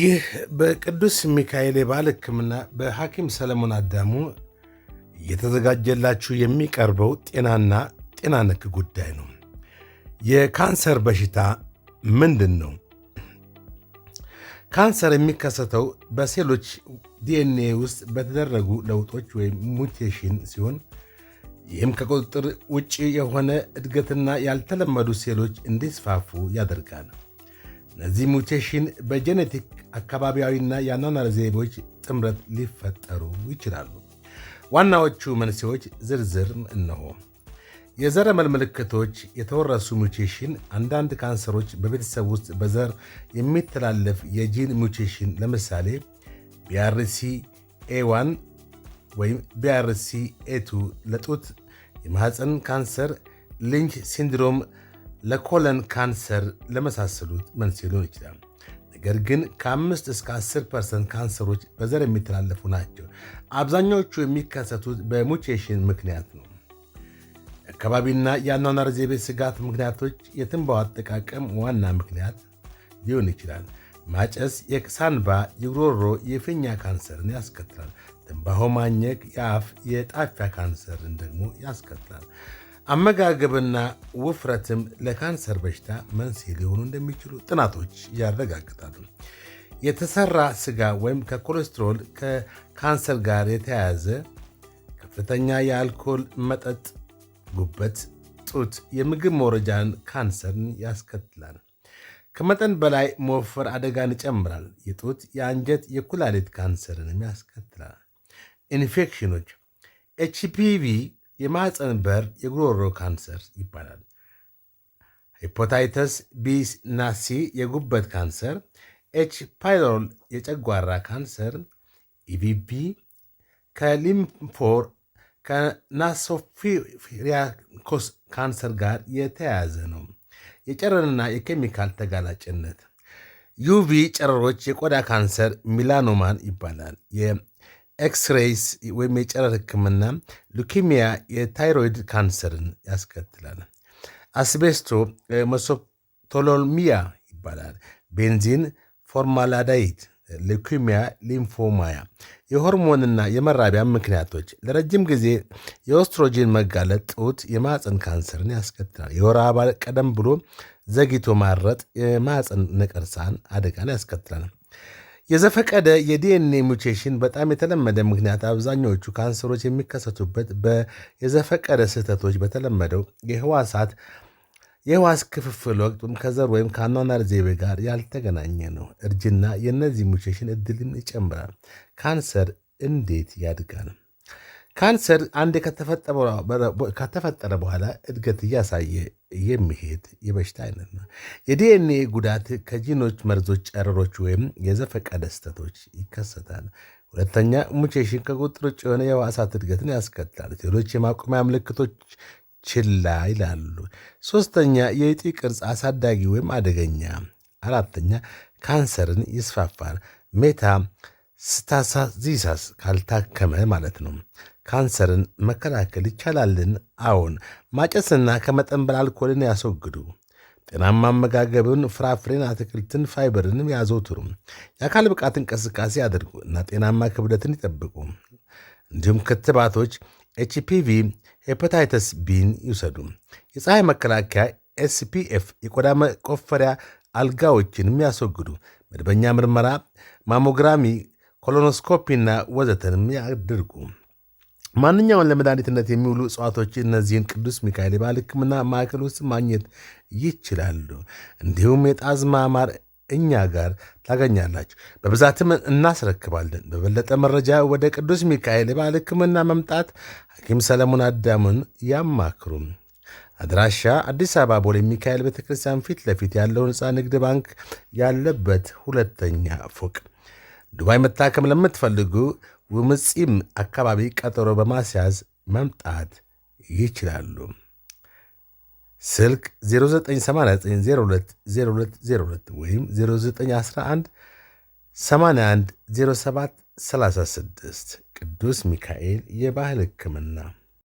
ይህ በቅዱስ ሚካኤል የባህል ሕክምና በሐኪም ሰለሞን አዳሙ እየተዘጋጀላችሁ የሚቀርበው ጤናና ጤና ነክ ጉዳይ ነው። የካንሰር በሽታ ምንድን ነው? ካንሰር የሚከሰተው በሴሎች ዲኤንኤ ውስጥ በተደረጉ ለውጦች ወይም ሙቴሽን ሲሆን ይህም ከቁጥጥር ውጭ የሆነ እድገትና ያልተለመዱ ሴሎች እንዲስፋፉ ያደርጋል። እነዚህ ሙቴሽን በጄኔቲክ አካባቢያዊና የአኗኗር ዘይቤዎች ጥምረት ሊፈጠሩ ይችላሉ። ዋናዎቹ መንስኤዎች ዝርዝር እነሆ። የዘረመል ምልክቶች፣ የተወረሱ ሙቴሽን፣ አንዳንድ ካንሰሮች በቤተሰብ ውስጥ በዘር የሚተላለፍ የጂን ሙቴሽን ለምሳሌ ቢአርሲ ኤዋን ወይም ቢአርሲ ኤቱ ለጡት የማህፀን ካንሰር፣ ሊንች ሲንድሮም ለኮለን ካንሰር ለመሳሰሉት መንስኤ ሊሆን ይችላል። ነገር ግን ከአምስት እስከ 10 ፐርሰንት ካንሰሮች በዘር የሚተላለፉ ናቸው። አብዛኛዎቹ የሚከሰቱት በሙቴሽን ምክንያት ነው። አካባቢና የአኗኗር ዘይቤ ስጋት ምክንያቶች የትንባው አጠቃቀም ዋና ምክንያት ሊሆን ይችላል። ማጨስ የሳንባ፣ የጉሮሮ፣ የፊኛ ካንሰርን ያስከትላል። ትንባሆ ማኘክ የአፍ የጣፊያ ካንሰርን ደግሞ ያስከትላል። አመጋገብና ውፍረትም ለካንሰር በሽታ መንስኤ ሊሆኑ እንደሚችሉ ጥናቶች ያረጋግጣሉ። የተሰራ ስጋ ወይም ከኮሌስትሮል ከካንሰር ጋር የተያያዘ ከፍተኛ የአልኮል መጠጥ ጉበት፣ ጡት፣ የምግብ መውረጃን ካንሰርን ያስከትላል። ከመጠን በላይ መወፈር አደጋን ይጨምራል። የጡት፣ የአንጀት፣ የኩላሊት ካንሰርንም ያስከትላል። ኢንፌክሽኖች ኤችፒቪ የማህፀን በር የጉሮሮ ካንሰር ይባላል። ሄፓታይተስ ቢ እና ሲ የጉበት ካንሰር፣ ኤች ፓይሎሪ የጨጓራ ካንሰር፣ ኢቪቢ ከሊምፎር ከናሶፊሪያኮስ ካንሰር ጋር የተያያዘ ነው። የጨረርና የኬሚካል ተጋላጭነት ዩቪ ጨረሮች የቆዳ ካንሰር ሚላኖማን ይባላል። ኤክስሬይስ ወይም የጨረር ህክምና ሉኪሚያ የታይሮይድ ካንሰርን ያስከትላል። አስቤስቶ ሜሶቶሎሚያ ይባላል። ቤንዚን ፎርማላዳይድ ሉኪሚያ ሊምፎማያ። የሆርሞንና የመራቢያ ምክንያቶች ለረጅም ጊዜ የኦስትሮጂን መጋለጥ ጡት የማፀን ካንሰርን ያስከትላል። የወር አበባ ቀደም ብሎ ዘግይቶ ማረጥ የማፀን ነቀርሳን አደጋን ያስከትላል። የዘፈቀደ የዲኤንኤ ሙቴሽን በጣም የተለመደ ምክንያት አብዛኛዎቹ ካንሰሮች የሚከሰቱበት የዘፈቀደ ስህተቶች በተለመደው የህዋሳት የህዋስ ክፍፍል ወቅቱም ከዘር ወይም ከአኗኗር ዘይቤ ጋር ያልተገናኘ ነው። እርጅና የእነዚህ ሙቴሽን እድልን ይጨምራል። ካንሰር እንዴት ያድጋል? ካንሰር አንድ ከተፈጠረ በኋላ እድገት እያሳየ የሚሄድ የበሽታ አይነት ነው። የዲኤንኤ ጉዳት ከጂኖች፣ መርዞች፣ ጨረሮች ወይም የዘፈቀደ ስህተቶች ይከሰታል። ሁለተኛ ሙቼሽን ከቁጥር ውጭ የሆነ የሕዋሳት እድገትን ያስከትላል። ሌሎች የማቆሚያ ምልክቶች ችላ ይላሉ። ሶስተኛ የጢ ቅርጽ አሳዳጊ ወይም አደገኛ። አራተኛ ካንሰርን ይስፋፋል። ሜታ ስታሳዚሳስ ካልታከመ ማለት ነው። ካንሰርን መከላከል ይቻላልን? አዎን። ማጨስና ከመጠን በላይ አልኮልን ያስወግዱ። ጤናማ አመጋገብን፣ ፍራፍሬን፣ አትክልትን፣ ፋይበርንም ያዘውትሩ። የአካል ብቃት እንቅስቃሴ ያድርጉ እና ጤናማ ክብደትን ይጠብቁ። እንዲሁም ክትባቶች ኤችፒቪ፣ ሄፓታይተስ ቢን ይውሰዱ። የፀሐይ መከላከያ ኤስፒኤፍ፣ የቆዳ መቆፈሪያ አልጋዎችንም ያስወግዱ። መደበኛ ምርመራ ማሞግራሚ፣ ኮሎኖስኮፒና ወዘተንም ያድርጉ። ማንኛውን ለመድኃኒትነት የሚውሉ እጽዋቶች እነዚህን ቅዱስ ሚካኤል የባህል ሕክምና ማዕከል ውስጥ ማግኘት ይችላሉ። እንዲሁም የጣዝማ ማር እኛ ጋር ታገኛላችሁ፣ በብዛትም እናስረክባለን። በበለጠ መረጃ ወደ ቅዱስ ሚካኤል የባህል ሕክምና መምጣት ሐኪም ሰለሞን አዳሙን ያማክሩ። አድራሻ አዲስ አበባ ቦሌ ሚካኤል ቤተ ክርስቲያን ፊት ለፊት ያለው ሕንፃ ንግድ ባንክ ያለበት ሁለተኛ ፎቅ። ዱባይ መታከም ለምትፈልጉ ውምጺም አካባቢ ቀጠሮ በማስያዝ መምጣት ይችላሉ። ስልክ 0989020202 ወይም 0911810736 ቅዱስ ሚካኤል የባህል ሕክምና